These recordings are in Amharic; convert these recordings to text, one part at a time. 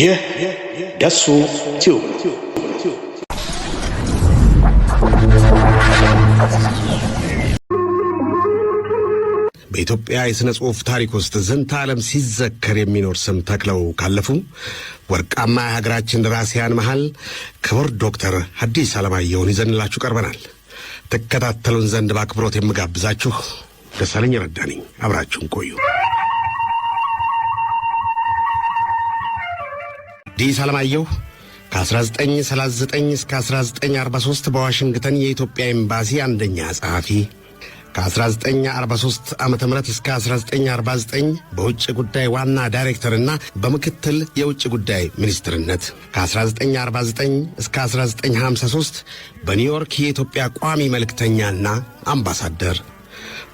ይህ ደሱ ቲዩብ በኢትዮጵያ የሥነ ጽሑፍ ታሪክ ውስጥ ዝንተ ዓለም ሲዘከር የሚኖር ስም ተክለው ካለፉ ወርቃማ የሀገራችን ደራሲያን መሃል ክቡር ዶክተር ሐዲስ ዓለማየሁን ይዘንላችሁ ቀርበናል። ትከታተሉን ዘንድ በአክብሮት የምጋብዛችሁ ደሳለኝ ረዳ ነኝ። አብራችሁን ቆዩ። አዲስ ዓለማየሁ ከ1939 እስከ 1943 በዋሽንግተን የኢትዮጵያ ኤምባሲ አንደኛ ጸሐፊ ከ1943 ዓ ም እስከ 1949 በውጭ ጉዳይ ዋና ዳይሬክተርና በምክትል የውጭ ጉዳይ ሚኒስትርነት ከ1949 እስከ 1953 በኒውዮርክ የኢትዮጵያ ቋሚ መልእክተኛና አምባሳደር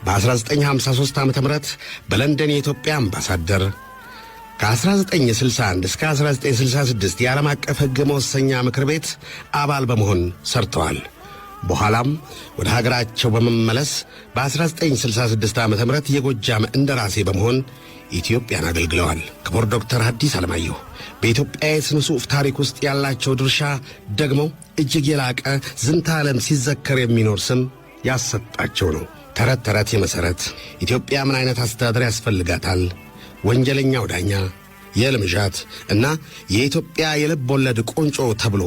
በ1953 ዓ ም በለንደን የኢትዮጵያ አምባሳደር ከ1961 እስከ 1966 የዓለም አቀፍ ሕግ መወሰኛ ምክር ቤት አባል በመሆን ሰርተዋል። በኋላም ወደ ሀገራቸው በመመለስ በ1966 ዓ ም የጎጃም እንደራሴ በመሆን ኢትዮጵያን አገልግለዋል። ክቡር ዶክተር ሐዲስ ዓለማየሁ በኢትዮጵያ የሥነ ጽሑፍ ታሪክ ውስጥ ያላቸው ድርሻ ደግሞ እጅግ የላቀ ዝንተ ዓለም ሲዘከር የሚኖር ስም ያሰጣቸው ነው። ተረት ተረት የመሠረት ኢትዮጵያ ምን አይነት አስተዳደር ያስፈልጋታል ወንጀለኛው ዳኛ፣ የልምዣት እና የኢትዮጵያ የልብ ወለድ ቆንጮ ተብሎ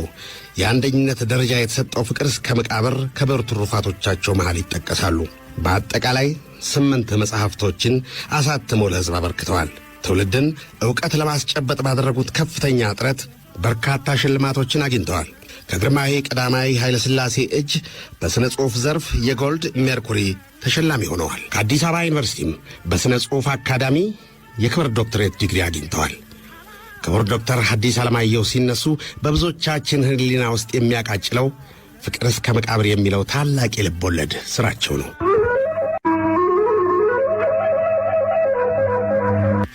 የአንደኝነት ደረጃ የተሰጠው ፍቅር እስከ መቃብር ከብር ትሩፋቶቻቸው መሃል ይጠቀሳሉ። በአጠቃላይ ስምንት መጽሐፍቶችን አሳትመው ለሕዝብ አበርክተዋል። ትውልድን ዕውቀት ለማስጨበጥ ባደረጉት ከፍተኛ ጥረት በርካታ ሽልማቶችን አግኝተዋል። ከግርማዊ ቀዳማዊ ኃይለ ሥላሴ እጅ በሥነ ጽሑፍ ዘርፍ የጎልድ ሜርኩሪ ተሸላሚ ሆነዋል። ከአዲስ አበባ ዩኒቨርሲቲም በሥነ ጽሑፍ አካዳሚ የክብር ዶክትሬት ዲግሪ አግኝተዋል። ክቡር ዶክተር ሐዲስ ዓለማየሁ ሲነሱ በብዙዎቻችን ሕሊና ውስጥ የሚያቃጭለው ፍቅር እስከ መቃብር የሚለው ታላቅ የልብ ወለድ ሥራቸው ነው።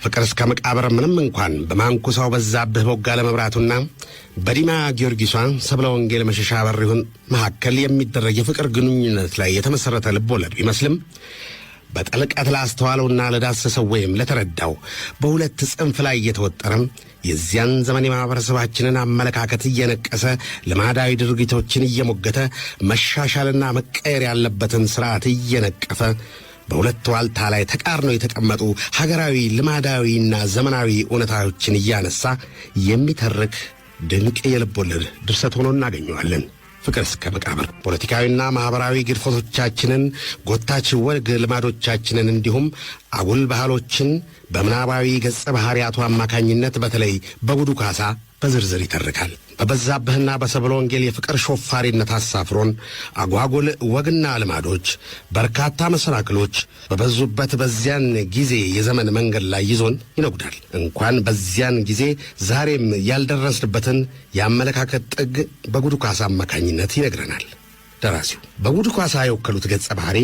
ፍቅር እስከ መቃብር ምንም እንኳን በማንኩሳው በዛብህ ሞጋ ለመብራቱና በዲማ ጊዮርጊሷ ሰብለ ወንጌል መሸሻ በሪሁን መካከል የሚደረግ የፍቅር ግንኙነት ላይ የተመሠረተ ልብ ወለድ ቢመስልም በጥልቀት ላስተዋለውና ለዳሰሰው ወይም ለተረዳው በሁለት ጽንፍ ላይ እየተወጠረም የዚያን ዘመን የማኅበረሰባችንን አመለካከት እየነቀሰ ልማዳዊ ድርጊቶችን እየሞገተ መሻሻልና መቀየር ያለበትን ሥርዓት እየነቀፈ በሁለት ዋልታ ላይ ተቃርነው የተቀመጡ ሀገራዊ ልማዳዊና ዘመናዊ እውነታዎችን እያነሳ የሚተርክ ድንቅ የልብ ወለድ ድርሰት ሆኖ እናገኘዋለን። ፍቅር እስከ መቃብር ፖለቲካዊና ማኅበራዊ ግድፈቶቻችንን ጎታች ወግ ልማዶቻችንን እንዲሁም አጉል ባህሎችን በምናባዊ ገጸ ባህሪያቱ አማካኝነት በተለይ በቡዱ ካሳ በዝርዝር ይተርካል። በበዛብህና በሰብለ ወንጌል የፍቅር ሾፋሪነት አሳፍሮን አጓጉል ወግና ልማዶች፣ በርካታ መሰናክሎች በበዙበት በዚያን ጊዜ የዘመን መንገድ ላይ ይዞን ይነጉዳል። እንኳን በዚያን ጊዜ ዛሬም ያልደረስንበትን የአመለካከት ጥግ በጉዱ ካሳ አማካኝነት ይነግረናል። ደራሲው በጉዱ ካሳ የወከሉት ገጸ ባህሪ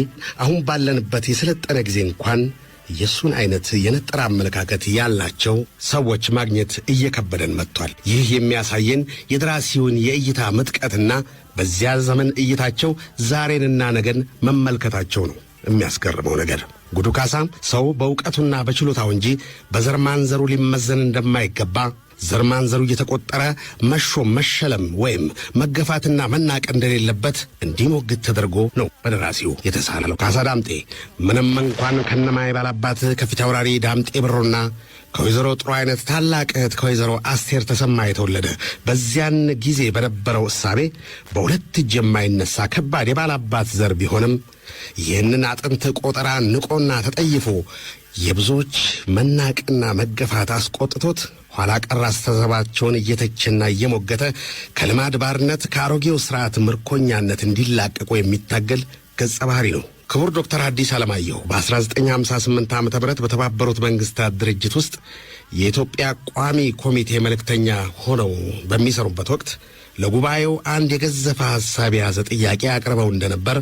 አሁን ባለንበት የሰለጠነ ጊዜ እንኳን የእሱን አይነት የነጠረ አመለካከት ያላቸው ሰዎች ማግኘት እየከበደን መጥቷል። ይህ የሚያሳየን የድራሲውን የእይታ ምጥቀትና በዚያ ዘመን እይታቸው ዛሬንና ነገን መመልከታቸው ነው የሚያስገርመው ነገር። ጉዱ ካሳ ሰው በእውቀቱና በችሎታው እንጂ በዘር ማንዘሩ ሊመዘን እንደማይገባ ዘር ማንዘሩ እየተቆጠረ መሾም፣ መሸለም ወይም መገፋትና መናቅ እንደሌለበት እንዲሞግት ተደርጎ ነው በደራሲው የተሳለው። ካሳ ዳምጤ ምንም እንኳን ከነማይ ባላባት ከፊት አውራሪ ዳምጤ ብሮና ከወይዘሮ ጥሩ አይነት ታላቅ እህት ከወይዘሮ አስቴር ተሰማ የተወለደ በዚያን ጊዜ በነበረው እሳቤ በሁለት እጅ የማይነሳ ከባድ የባላባት ዘር ቢሆንም ይህንን አጥንት ቆጠራ ንቆና ተጠይፎ የብዙዎች መናቅና መገፋት አስቆጥቶት ኋላ ቀር አስተሳሰባቸውን እየተችና እየሞገተ ከልማድ ባርነት ከአሮጌው ስርዓት ምርኮኛነት እንዲላቀቁ የሚታገል ገጸ ባህሪ ነው። ክቡር ዶክተር አዲስ አለማየሁ በ1958 ዓ ም በተባበሩት መንግሥታት ድርጅት ውስጥ የኢትዮጵያ ቋሚ ኮሚቴ መልእክተኛ ሆነው በሚሰሩበት ወቅት ለጉባኤው አንድ የገዘፈ ሐሳብ የያዘ ጥያቄ አቅርበው እንደነበር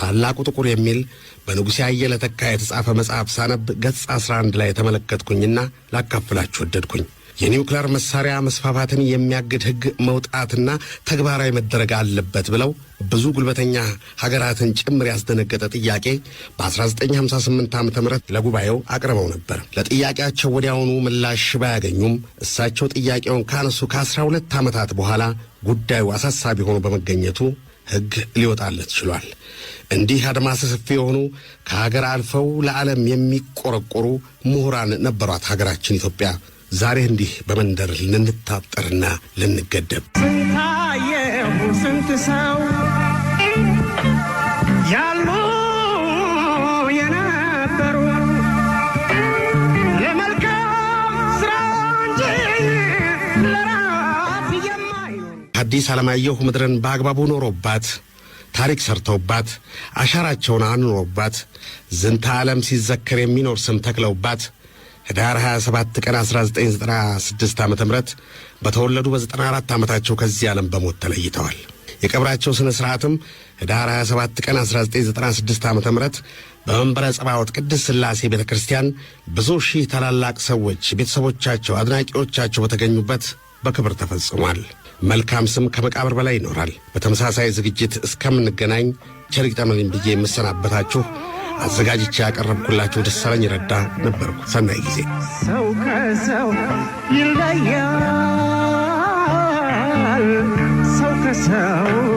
ታላቁ ጥቁር የሚል በንጉሴ አየለ ተካ የተጻፈ መጽሐፍ ሳነብ ገጽ 11 ላይ የተመለከትኩኝና ላካፍላችሁ ወደድኩኝ። የኒውክሌር መሳሪያ መስፋፋትን የሚያግድ ህግ መውጣትና ተግባራዊ መደረግ አለበት ብለው ብዙ ጉልበተኛ ሀገራትን ጭምር ያስደነገጠ ጥያቄ በ1958 ዓ ም ለጉባኤው አቅርበው ነበር። ለጥያቄያቸው ወዲያውኑ ምላሽ ባያገኙም እሳቸው ጥያቄውን ካነሱ ከ12 ዓመታት በኋላ ጉዳዩ አሳሳቢ ሆኖ በመገኘቱ ህግ ሊወጣለት ችሏል። እንዲህ አድማስ ሰፊ የሆኑ ከሀገር አልፈው ለዓለም የሚቆረቆሩ ምሁራን ነበሯት ሀገራችን ኢትዮጵያ። ዛሬ እንዲህ በመንደር ልንታጠርና ልንገደብ ስንታየሁ ስንት ሰው ያሉ የነበሩ ለመልካም ስራ እንጂ ለራት የማይሆን ሐዲስ ዓለማየሁ ምድርን በአግባቡ ኖሮባት ታሪክ ሰርተውባት አሻራቸውን አኑሮባት ዝንተ ዓለም ሲዘከር የሚኖር ስም ተክለውባት ህዳር 27 ቀን 1996 ዓ ም በተወለዱ በ94 ዓመታቸው ከዚህ ዓለም በሞት ተለይተዋል። የቀብራቸው ሥነ ሥርዓትም ህዳር 27 ቀን 1996 ዓ ም በመንበረ ጸባዖት ቅድስት ሥላሴ ቤተ ክርስቲያን ብዙ ሺህ ታላላቅ ሰዎች፣ ቤተሰቦቻቸው፣ አድናቂዎቻቸው በተገኙበት በክብር ተፈጽሟል። መልካም ስም ከመቃብር በላይ ይኖራል። በተመሳሳይ ዝግጅት እስከምንገናኝ ቸር ይግጠመን ብዬ የምሰናበታችሁ አዘጋጅቼ ያቀረብኩላችሁ ደሳለኝ ረዳ ነበርኩ። ሰናይ ጊዜ። ሰው ከሰው ይለያል። ሰው ከሰው